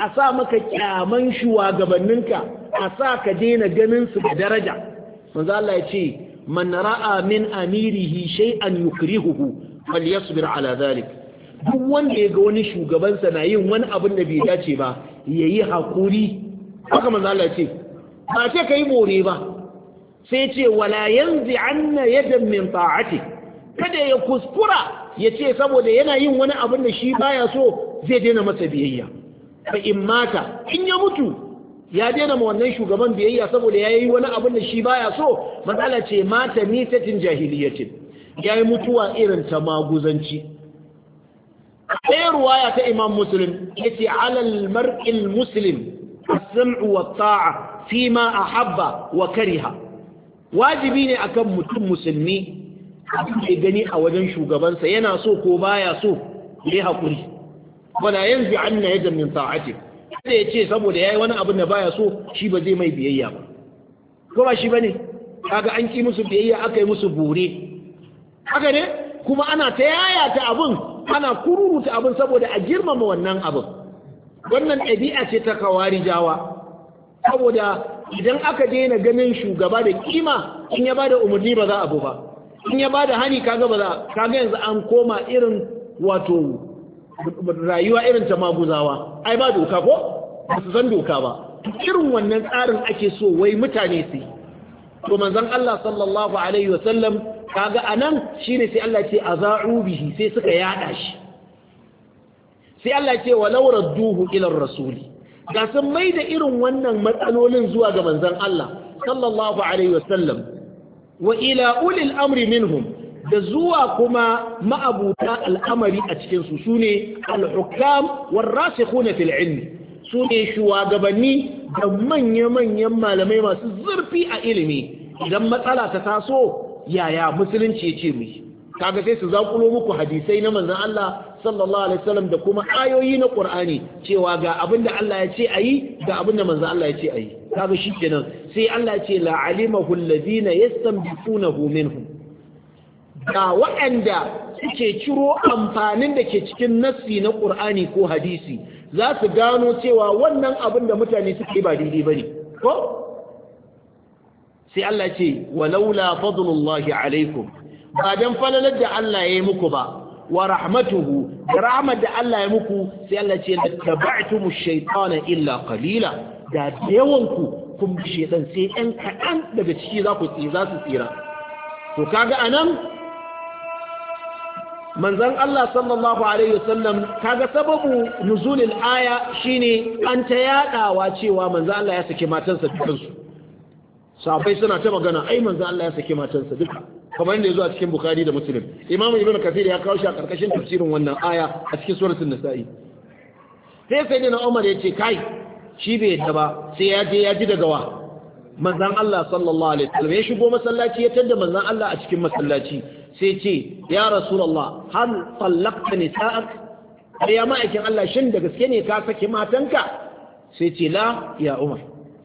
a sa maka kyaman shugabanninka a sa ka daina ganin su da daraja manzo Allah ya ce man ra'a min amirihi shay'an yukrihuhu falyasbir ala dhalik duk wanda ya ga wani shugaban sa na yin wani abin da bai dace ba yayi hakuri haka manzo Allah ya ce ba ce kai more ba sai ce wala yanzi anna yadan min ta'ati kada ya kuskura ya ce saboda yana yin wani abin da shi baya so zai daina masa biyayya fa in mata in ya mutu ya daina ma wannan shugaban biyayya saboda ya yi wani abin da shi baya so matsala ce mata nitatin jahiliyatin ya yi mutuwa irin ta maguzanci ɗaya ruwaya ta imam muslim ya ce alal mar'il muslim sam'u wa ta'a fi ma ahabba wa kariha wajibi ne akan mutum musulmi abin da gani a wajen shugabansa yana so ko baya so ya haƙuri wala yanzu anna yadan min ta'atik kada ya ce saboda ya yi wani abin da baya so shi ba zai mai biyayya ba shi ba shi bane kaga an ki musu biyayya aka yi musu bore haka ne kuma ana ta yaya ta abin ana kururuta abin saboda a girmama wannan abin wannan ɗabi'a ce ta kawari jawa saboda idan aka daina ganin shugaba da kima in ya bada umarni ba za a bu ba in ya bada hani kaga ba za kaga yanzu an koma irin wato rayuwa irin ta maguzawa ai ba doka ko ba su san doka ba irin wannan tsarin ake so wai mutane su to manzon Allah sallallahu alaihi wasallam kaga anan shine sai Allah ce azau bihi sai suka yada shi sai Allah ce walau radduhu ila rasuli ga sun mai da irin wannan matsalolin zuwa ga manzon Allah sallallahu alaihi sallam. wa ila ulil amri minhum da zuwa kuma ma'abuta al'amari a cikinsu su ne al'ukam warrasikhuna fil ilmi sune shugabanni da manya-manyan malamai masu zurfi a ilimi idan matsala ta taso yaya musulunci ya ce mu kaga sai su zakulo muku hadisai na manzon Allah sallallahu alaihi wasallam da kuma ayoyi na Qur'ani cewa ga abinda Allah ya ce ayi da abinda manzon Allah ya ce ayi kaga shikenan sai Allah ya ce la alimahu alladhina yastanbiqunahu minhum ga waɗanda suke ciro amfanin da ke cikin nassi na ƙur'ani ko hadisi za su gano cewa wannan abin da mutane suke ba daidai ba ne ko? sai Allah ce walaula fadlullahi alaikum ba don falalar da Allah ya yi muku ba wa rahmatuhu da rahmat da Allah ya muku sai Allah ce da taba'tumu shaytana illa qalila da yawanku kun bi shaytan sai ɗan kaɗan daga ciki za ku tsira su tsira to kaga anan Manzan Allah sallallahu alaihi wasallam kaga sababu nuzulil aya shine an ta yadawa cewa manzan Allah ya saki matansa dukan su sahabbai suna ta magana ai manzan Allah ya saki matansa duka kamar yadda yazo a cikin Bukhari da Muslim Imam Ibn Kathir ya kawo shi a karkashin tafsirin wannan aya a cikin suratul Nisa'i sai sai na Umar ya ce kai shi bai yadda ba sai ya je ya ji daga wa Manzan Allah sallallahu alaihi wasallam ya shigo masallaci ya tada manzon Allah a cikin masallaci sai ce ya rasulullah hal tallaqta nisa'ak ya ma'aikin Allah shin da gaske ne ka saki matanka sai ce la ya umar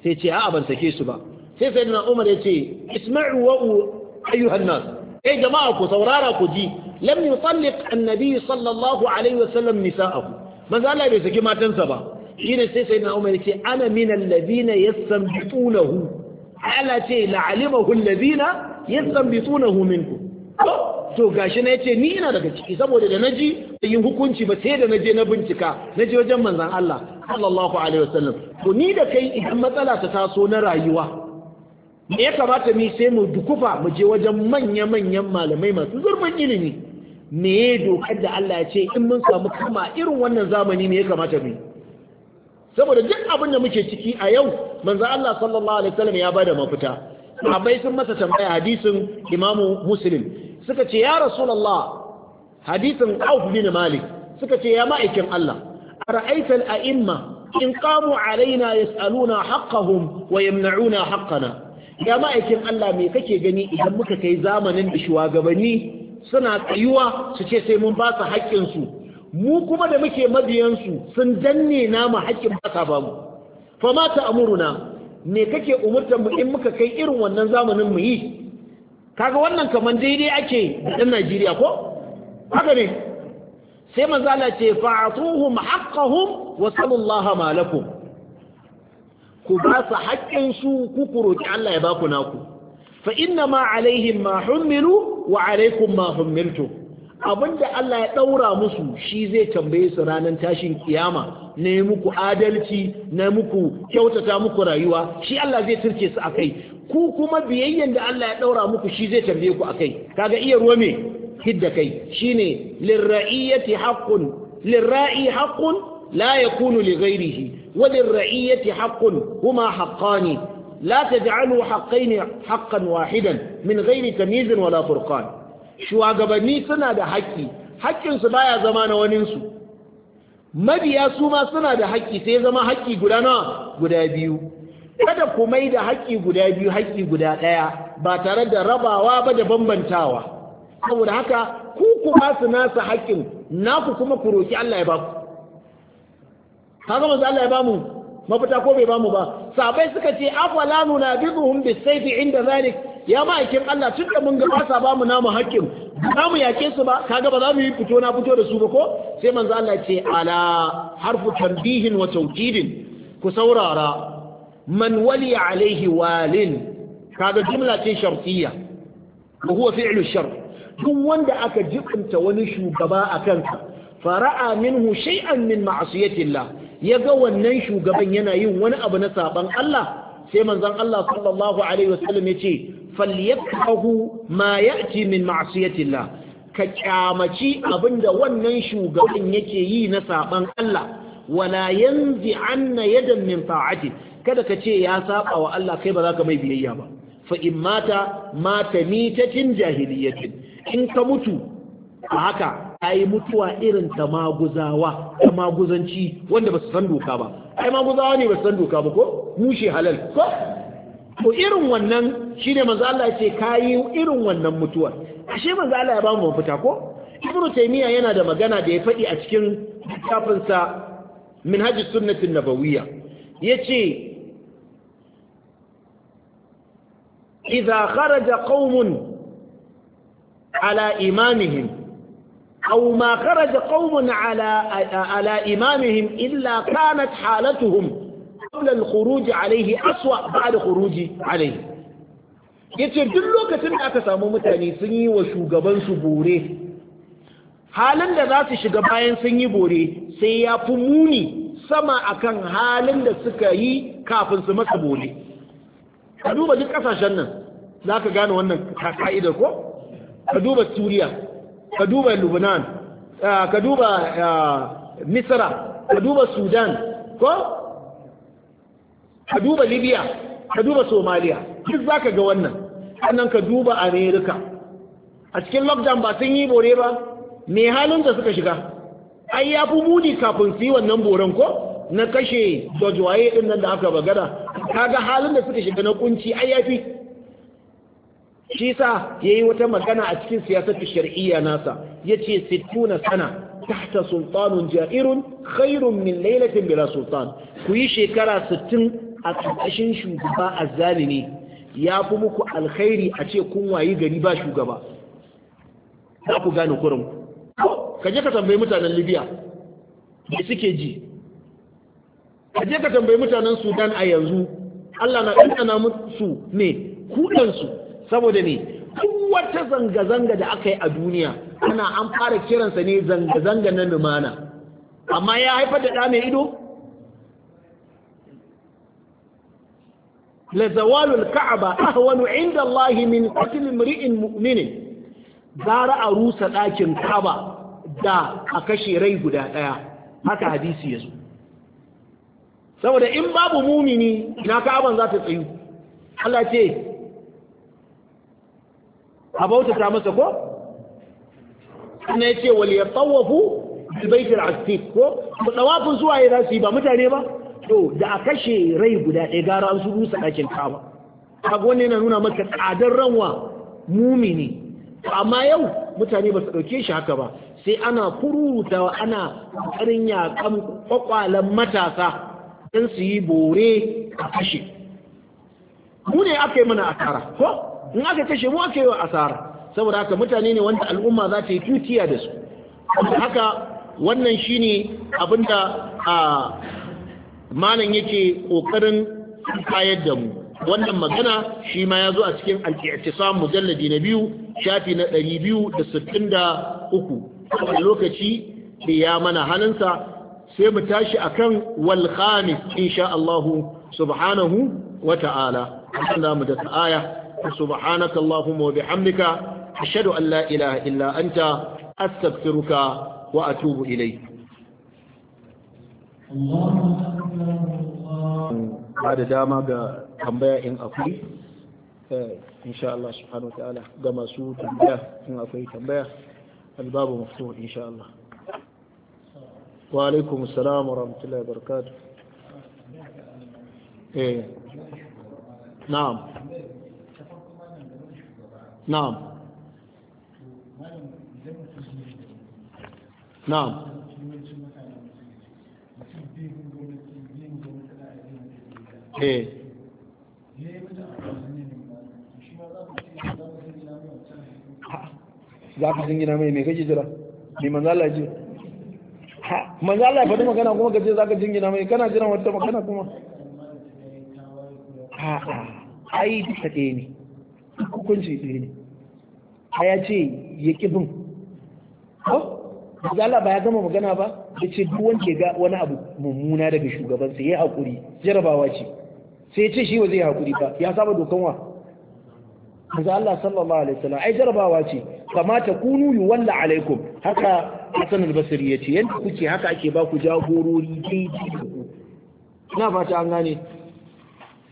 sai ce a'a ban sake su ba sai sayyidina umar ya ce isma'u wa ayyuhan nas eh jama'a ku saurara ku ji lam yutalliq annabi sallallahu alaihi wasallam nisa'ahu manzo Allah bai saki matansa ba shine sai sayyidina umar ya ce ana min alladhina yastanbitunahu ala ce la'alimahu alladhina yastanbitunahu minkum to gashi na yace ni ina daga ciki saboda da naji yin hukunci ba sai da naje na bincika naje wajen manzon Allah sallallahu alaihi wasallam to ni da kai idan matsala ta taso na rayuwa me ya kamata mu sai mu dukufa mu je wajen manya manyan malamai masu zurfin ilimi me dokar da Allah ya ce in mun samu kama irin wannan zamani me ya kamata mu saboda duk abin da muke ciki a yau manzon Allah sallallahu alaihi wasallam ya bada mafita sahabbai sun masa tambaya hadisin imamu muslim suka ce ya rasulullah hadisin auf bin malik suka ce ya ma'aikin Allah ara'aita al'a'imma in qamu alaina yas'aluna haqqahum wa yamna'una haqqana ya ma'aikin Allah me kake gani idan muka kai zamanin da shugabanni suna tsayuwa su ce sai mun ba su haƙƙin su mu kuma da muke mabiyan su sun danne namu haƙƙin ba ka ba mu fa ma ta'muruna me kake umurtar mu in muka kai irin wannan zamanin mu yi kaga wannan kaman daidai ake da Najeriya ko haka ne sai manzala ce fa'atuhum haqqahum wa sallallahu ma lakum ku ba su haƙƙin su ku kuroki Allah ya ba ku naku fa inna ma alaihim ma hummilu wa alaikum ma hummiltum abinda Allah ya ɗaura musu shi zai tambaye su ranar tashin kiyama na muku adalci na muku kyautata muku rayuwa shi Allah zai turke su akai ku kuma biyayyen da Allah ya ɗaura muku shi zai tambaye ku akai kaga iya ruwa me hidda kai shine lirra'iyati haqqun lirra'i haqqun la yakunu li ghairihi wa lirra'iyati haqqun huma haqqani la taj'alu haqqaini haqqan wahidan min ghairi tamyiz wala furqan shugabanni suna da haƙƙi haƙƙinsu baya zama na waninsu mabiya su ma suna da haƙƙi sai zama haƙƙi guda nawa guda biyu kada ku mai da haƙƙi guda biyu haƙƙi guda ɗaya ba tare da rabawa ba da bambantawa saboda haka ku ku ba su nasa haƙƙin naku kuma ku roƙi Allah ya ba ku ga manzo Allah ya ba mu mafita ko bai ba mu ba sabai suka ce afala nunabizuhum bisayfi inda zalik ya ma'aikin Allah tun da mun ga ba sa ba mu namu haƙƙin za mu yake su ba kaga ba za mu yi fito na fito da su ba ko sai manzo Allah ce ala harfu tanbihin wa tawkidin ku saurara man wali alaihi walin kaga jumla ce shartiyya wa huwa fi'lu shar duk wanda aka jibinta wani shugaba a kansa fara'a minhu shay'an min ma'asiyatillah yaga wannan shugaban yana yin wani abu na saban Allah sai manzon Allah sallallahu alaihi wasallam yace falyakhahu ma ya'ti min ma'siyatillah ka kyamaci abinda wannan shugaban yake yi na saban Allah wala yanzi anna yadan min ta'ati kada ka ce ya saba wa Allah kai ba za ka mai biyayya ba fa in mata mata mitatin jahiliyatin in ka mutu a haka ai mutuwa irin ta maguzawa ta maguzanci wanda ba su san doka ba ai maguzawa ne ba su san doka ba ko mushe halal ko to irin wannan shine manzo Allah ya ce kayi irin wannan mutuwar ashe manzo Allah ya ba mu mafita ko Ibn Taymiyyah yana da magana da ya faɗi a cikin littafin sa Minhaj Sunnah an-Nabawiyyah yace idza kharaja qaumun ala imamihim aw ma kharaja qaumun ala ala imamihim illa kanat halatuhum qabla Kuruji khuruj alayhi aswa ba'da khuruji alayhi ce duk lokacin da aka samu mutane sun yi wa shugabansu bore halin da za su shiga bayan sun yi bore sai ya fi muni sama akan halin da suka yi kafin su masa bore ka duba duk ƙasashen nan za ka gane wannan ka'idar ko ka duba turiya ka duba lubnan ah, ka duba ah, misra ka duba sudan ko ka duba libya ka duba somaliya duk za ka ga wannan sannan ka duba america a cikin lockdown ba sun yi bore ba mai halin da suka shiga ai ya fi muni kafin su yi wannan boren ko na kashe dojuwaye din nan da aka bagana kaga halin da suka shiga na kunci ai yafi shi sa yayi wata magana a cikin siyasar shar'iyya nasa yace 60 sana tahta sultanun ja'irun khairun min Lailatin bila sultan ku yi shekara sittin. a ƙarƙashin shugaba a ne, ya fi muku alkhairi a ce kun wayi gari ba shugaba za ku gane kurin ka je ka tambayi mutanen libya da suke ji ka je ka tambayi mutanen sudan a yanzu allah na ɗanɗana musu ne kudansu saboda ne kun wata zanga-zanga da aka yi a duniya ana an fara kiransa ne zanga-zanga na lumana amma ya haifar da ɗa mai ido لزوال الكعبة أهون عند الله من قتل a rusa ɗakin ka'aba, da كعبة دا أكشي ري قدا هكا حديث يزو saboda in babu mumini na ka'aban za ta tsayu Allah ce a bautata masa ko? na ya ce wal ya tsawafu bilbaitar asif ko? zuwa ya za yi ba mutane ba? to da a kashe rai guda ɗaya gara an su rusa ɗakin kawa kaga wannan yana nuna maka tsadar ranwa mumini amma yau mutane ba su ɗauke shi haka ba sai ana kururutawa ana ƙarin yaƙan ƙwaƙwalen matasa don su yi bore a kashe mu ne aka yi mana asara ko in aka kashe mu aka yi wa asara saboda haka mutane ne wanda al'umma za ta yi tutiya da su haka wannan shine abinda a malam yake kokarin kayar da mu wannan magana shi ma ya zo a cikin al-i'tisam mujalladi na biyu shafi na 263 a lokaci da ya mana halinsa sai mu tashi akan wal khamis insha Allah subhanahu wa ta'ala Allah mu da aya subhanaka allahumma wa bihamdika ashhadu an la ilaha illa anta astaghfiruka wa atubu ilayk Allah ba da dama ga tambaya in akwai eh, insha Allah subhanahu wa ta'ala ga masu tambaya in akwai tambaya albabu maftuh insha Allah wa alaikum assalam wa rahmatullahi wa eh na'am na'am na'am Eh. za ka gina mai mai kake jira mai manzala ji. ha manzala faɗi magana kuma gaje za ka gina mai kana jiran wata magana kuma ha ai ta ɗaya ne hukunci ɗaya ne a ya ce ya ƙi bin ko manzala ba ya gama magana ba ya ce duk wanda ya ga wani abu mummuna daga shugabansa ya haƙuri jarabawa ce sai ce shi ba zai hakuri ba ya saba dokan wa maza Allah sallallahu alaihi wasallam ai jarabawa ce kamata kunu walla alaikum haka Hassan al-Basri ce. yanda kuke haka ake ba ku jagorori daidai da ku ina fata an gane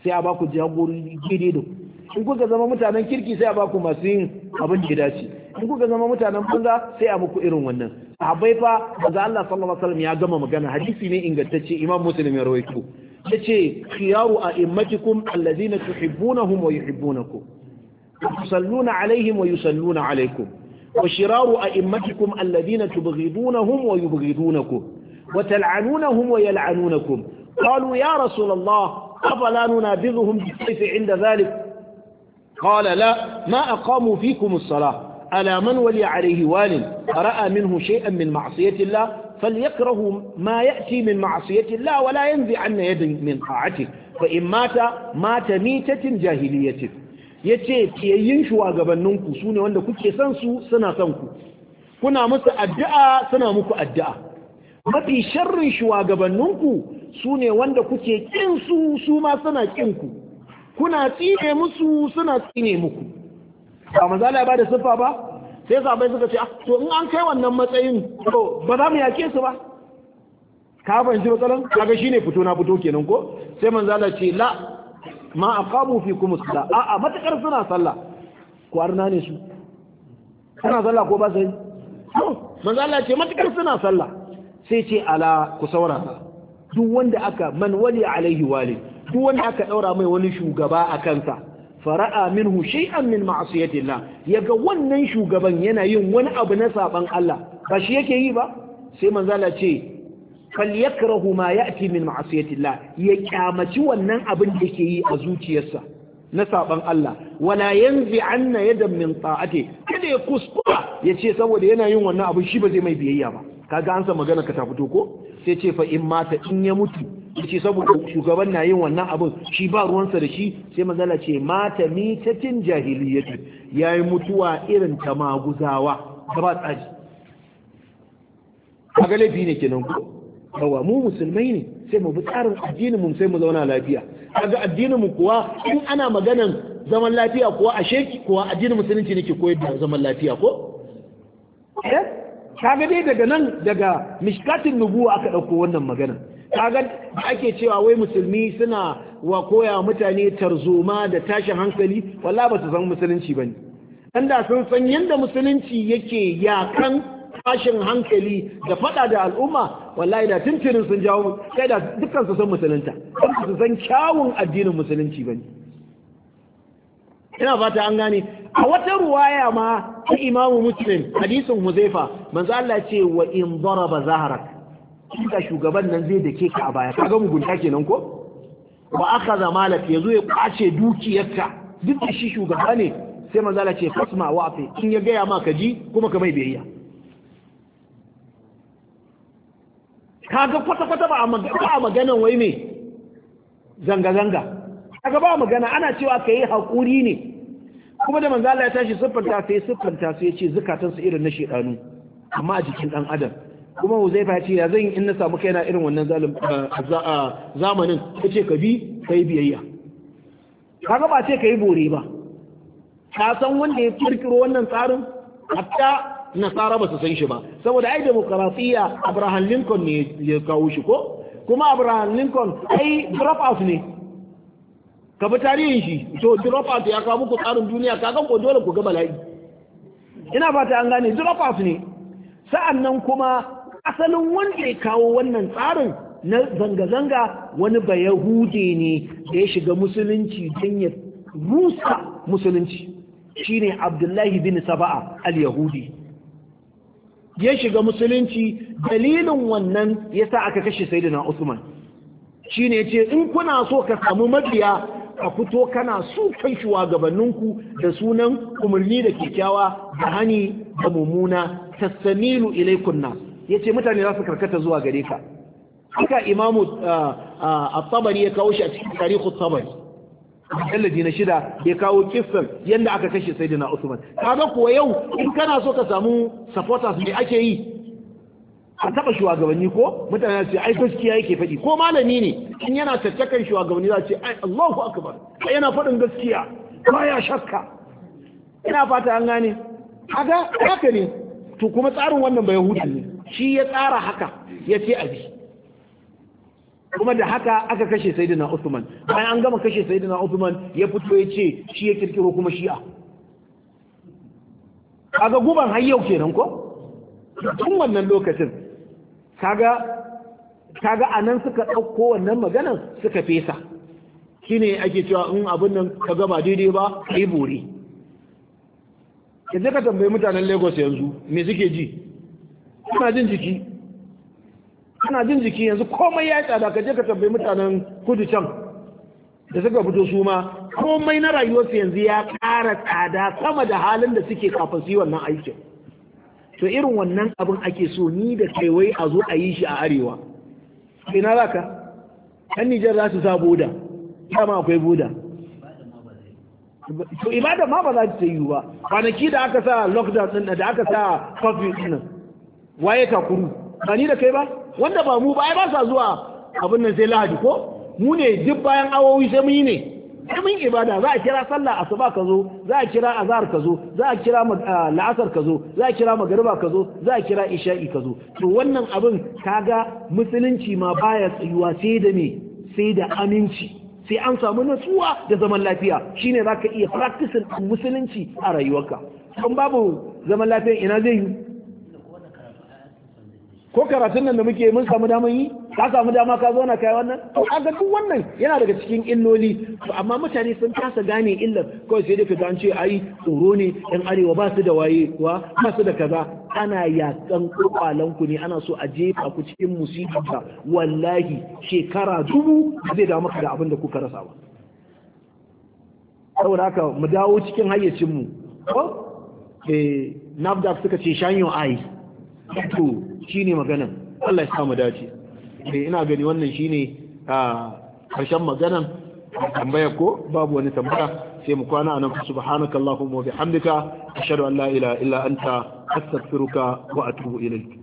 sai a ba ku jagorori daidai da ku in kuka zama mutanen kirki sai a ba ku masu yin abin da ya dace in kuka zama mutanen banza sai a muku irin wannan sahabbai fa maza Allah sallallahu alaihi wasallam ya gama magana hadisi ne ingantacce Imam Muslim ya rawaito yace khiyaru a'immatikum alladhina tuhibbunahum wa yuhibbunakum tusalluna alaihim wa yusalluna alaikum wa shiraru a'immatikum alladhina tubghidunahum wa yubghidunakum wa tal'anunahum wa yal'anunakum qalu ya rasul allah afala nunabidhuhum bisayf 'inda dhalik قال لا ما أقاموا فيكم الصلاة ألا من ولي عليه وال فرأى منه شيئا من معصية الله فليكره ما يأتي من معصية الله ولا Ba in يد من طاعته فإن مات مات ميتة جاهلية yace kiyayyin shugabanninku su ne wanda kuke san su suna san ku kuna musu addu'a suna muku addu'a mafi sharrin shugabanninku su ne wanda kuke kin su su ma suna kin ku kuna tsine musu suna tsine muku ba mazala ba da siffa ba sai sabai suka ce ah, to in an kai wannan matsayin to ba za mu yake su ba ka fahimci matsalan kaga shine fito na fito kenan ko sai manzo Allah ce la ma aqamu fikum as-sala a a matakar suna sallah ko arna ne su suna sallah ko ba sai manzo Allah ce matakar suna sallah sai ce ala ku ta. duk wanda aka man wali alaihi wali duk wanda aka daura mai wani shugaba a kansa fara'a minhu shay'an min ma'asiyatillah yaga wannan shugaban yana yin wani abu na saban Allah ba shi yake yi ba sai manzala ce falyakrahu ma ya'ti min ma'asiyatillah ya kyamaci wannan abin da yake yi a zuciyarsa na saban Allah wala yanzi anna yadan min ta'ati kada ya kuskura ya ce saboda yana yin wannan abun shi ba zai mai biyayya ba kaga an sa magana ka ta fito ko sai ce fa in mata in ya mutu yace saboda shugaban na yin wannan abin shi ba ruwansa da shi sai mazala ce mata mitatin jahiliyyati yayi mutuwa irin ta maguzawa ba tsaji kaga laifi ne kenan ku yawa mu musulmai ne sai mu bi tsarin addinin mu sai mu zauna lafiya kaga addinin mu kuwa in ana maganan zaman lafiya kuwa ashe kuwa addinin musulunci ne ke koyar da zaman lafiya ko eh kaga dai daga nan daga mishkatin nubuwa aka dauko wannan magana kaga da ake cewa wai musulmi suna wa koya mutane tarzoma da tashin hankali walla ba su san musulunci bane dan da sun san yanda musulunci yake yakan tashin hankali da fada da al'umma wallahi da tuntunin sun jawo kai da dukkan su san musulunta su san kyawun addinin musulunci bane ina fata an gane a wata ruwaya ma ta imamu muslim hadisin huzaifa manzo Allah ce wa in daraba zaharak kika shugaban nan zai dake ka a baya kaga mugunta kenan ko wa akhadha malak yazo ya kwace dukiyarka duk da shi shugaba ne sai manzo Allah ce fasma wa afi in ya gaya ma ka ji kuma ka mai biyayya kaga kwata kwata ba a magana wai me zanga zanga kaga ba magana ana cewa kai hakuri ne kuma da manzo Allah ya tashi siffanta sai siffanta su ya ce zakatansu irin na shedanu amma a jikin dan adam kuma huzaifa ce ya zan in na samu kaina irin wannan zamanin ta ce ka bi ka yi biyayya kaga ba ce ka yi bore ba ka san wanda ya kirkiro wannan tsarin hatta nasara ba su san shi ba saboda ai demokrasiya abraham lincoln ne ya kawo shi ko kuma abraham lincoln ai drop out ne ka bi tarihin shi to drop out ya kawo muku tsarin duniya ka ko dole ku ga bala'i ina fata an gane drop out ne sa'annan kuma asalin wanda ya kawo wannan tsarin na zanga-zanga wani ba yahude ne da ya shiga musulunci don ya rusa musulunci shine abdullahi bin saba'a al-yahudi ya shiga musulunci dalilin wannan ya sa aka kashe sayyidina usman shine ce, in kuna so ka samu mabiya ka fito kana su kai shugabanninku da sunan umarni da kyakkyawa da hani da mummuna tasamilu ilaikun nas Ya ce mutane za su karkata zuwa gare ka haka imamu at-tabari ya kawo shi a cikin Tarihu at-tabari mujalladi na shida ya kawo kifin yadda aka kashe sayyidina Usman kaga kuwa yau in kana so ka samu supporters me ake yi a taba shugabanni ko mutane su ai gaskiya yake faɗi ko malami ne in yana tattakan shugabanni za ce ai Allahu akbar yana faɗin gaskiya baya shakka ina fata an gane kaga haka ne to kuma tsarin wannan ba yahudi ne shi ya tsara haka ya ce abi kuma da haka aka kashe sayyidina Usman. bayan an gama kashe sayyidina Usman ya fito ya ce shi ya kirkiro kuma shi'a kaga guban har yau kenan ko tun wannan lokacin kaga kaga anan suka ɗauko wannan maganan suka fesa shine ake cewa in abin nan ka gaba daidai ba kai bore yanzu ka tambayi mutanen Lagos yanzu me suke ji kana jin jiki kana jin jiki yanzu komai ya tsada ka je ka tambayi mutanen kudu can da suka fito su ma komai na rayuwarsu yanzu ya ƙara tsada sama da halin da suke kafin su yi wannan aikin to irin wannan abin ake so ni da kaiwai a zo a yi shi a arewa ina za ka ɗan nijar za su sa boda dama akwai boda to ibada ma ba za ta yi ba kwanaki da aka sa lockdown din da aka sa curfew din waye takuru ba ni da kai ba wanda ba mu ba ai ba sa zuwa abin nan sai lahadi ko mu ne duk bayan awowi sai mun yi ne sai mun ibada za a kira sallah asuba ka zo za a kira azhar ka zo za a kira ah, la'asar ka zo za a kira magariba ka zo za a kira isha'i ka zo to wannan abin kaga musulunci ma baya tsayuwa sai da me sai da aminci sai an samu nutsuwa da zaman lafiya shine zaka iya practicing musulunci a rayuwarka kan babu zaman lafiya ina zai yi ko karatun nan da muke mun samu dama yi ka samu dama ka zo na kai wannan to kaga duk wannan yana daga cikin illoli to amma mutane sun kasa gane illar kawai sai dai ka an ce ai tsoro ne yan arewa ba su da waye kuwa ba su da kaza ana yakan kwalan ku ne ana so a jefa ku cikin musiba wallahi shekara dubu zai da maka da abin da kuka rasa ba saboda haka mu dawo cikin hayyacin mu ko eh suka ce shanyo ai shine maganan Allah ya dace eh, ina gani wannan shine a karshen maganan tambaya ko babu wani tambaya sai mu kwana anan subhanakallahumma wa bihamdika ashhadu an la ilaha illa anta astaghfiruka wa atubu ilayk